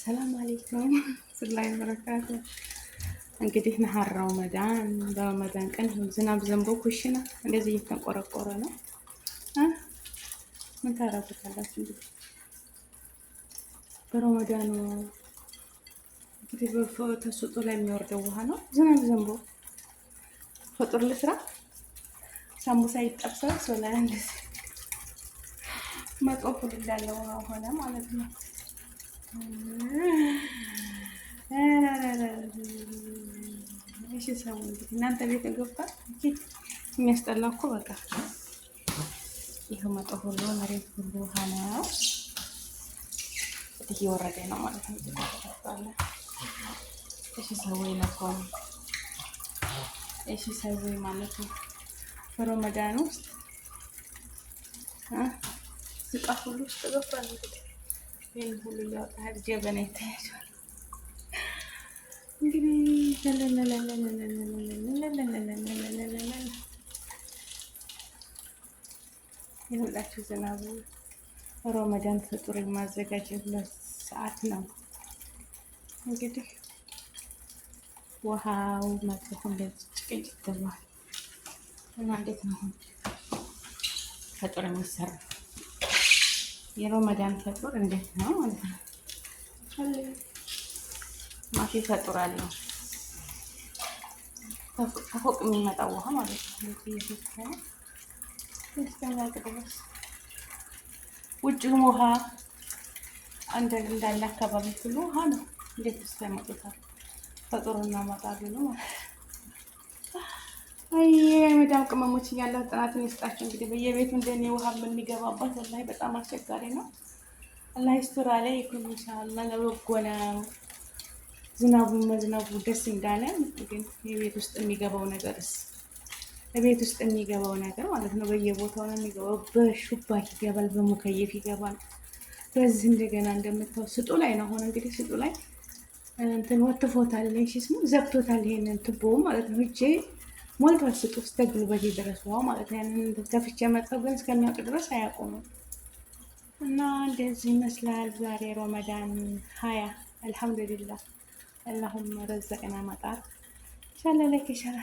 ሰላም አለይኩም ስላይ በረካቱ። እንግዲህ ነሀር ረመዳን በረመዳን ቀን ዝናብ ዘንቦ ኩሽና እንደዚህ እየተንቆረቆረ ነው። ምን ታረጉታላችሁ? እንግዲህ በረመዳኑ እንግዲህ ተስጦ ላይ የሚወርደው ውሃ ነው። ዝናብ ዘንቦ ፈጡር ልስራ ሳምቡሳ ይጠብሳል። ሶላ መጦፉ ልላለ ውሃ ሆነ ማለት ነው። እቺ ሰው እንግዲህ እናንተ ቤት ገባ እቺ የሚያስጠላ እኮ በቃ ይሄ መጦ ሁሉ መሬት ሁሉ ሀናው እንግዲህ እየወረደ ነው ማለት ነው። ተጣጣለ እሺ ሰው ይነቆም እሺ ሰው ማለት ነው። በረመዳን ውስጥ ስቃ ሁሉ ውስጥ ገባ ነው። ይሄን ሁሉ ያወጣ ጀበና ይታያል። እንግዲህ የሁላችሁ ዝናቡ ሮመዳን ፍጡር የማዘጋጀበት ሰዓት ነው። እንግዲህ ውሃው መድረኩን እንደዚህ ጭቅጭቅ እና እንዴት ነው ፈጡር የሚሰራ ፍጡር እንዴት ነው ማለት ነው። ማፊ ፈጡራል ከፎቅ የሚመጣው ውሃ ማለት ነው። ውጭም ውሃ አንድ እንዳለ አካባቢ ሁሉ ውሃ ነው። እንዴት ውስጥ ያመጡታል? ማለት አይ የመዳም ቅመሞች እያለሁ ጥናትን ይስጣቸው። እንግዲህ በየቤቱ እንደኔ ውሃ በጣም አስቸጋሪ ነው። አላህ ላይ ይኩን ለበጎ ነው። ዝናቡ መዝናቡ ደስ እንዳለ ግን የቤት ውስጥ የሚገባው ነገርስ ቤት ውስጥ የሚገባው ነገር ማለት ነው። በየቦታው ነው የሚገባው። በሹባክ ይገባል፣ በሙከየፍ ይገባል። በዚህ እንደገና እንደምታው ስጡ ላይ ነው ሆነ እንግዲህ ስጡ ላይ እንትን ወትፎታል፣ ስሙ ዘግቶታል። ይሄንን ትቦ ማለት ነው። እጄ ሞልቷል ስጡ እስከ ጉልበቴ ድረስ ውሃ ማለት ነው። ያንን ከፍቼ መጣሁ፣ ግን እስከሚያውቅ ድረስ አያቆምም። እና እንደዚህ ይመስላል ዛሬ ሮመዳን ሀያ አልሐምዱሊላህ اللهم رزقنا مطار ان شاء الله لك اشاره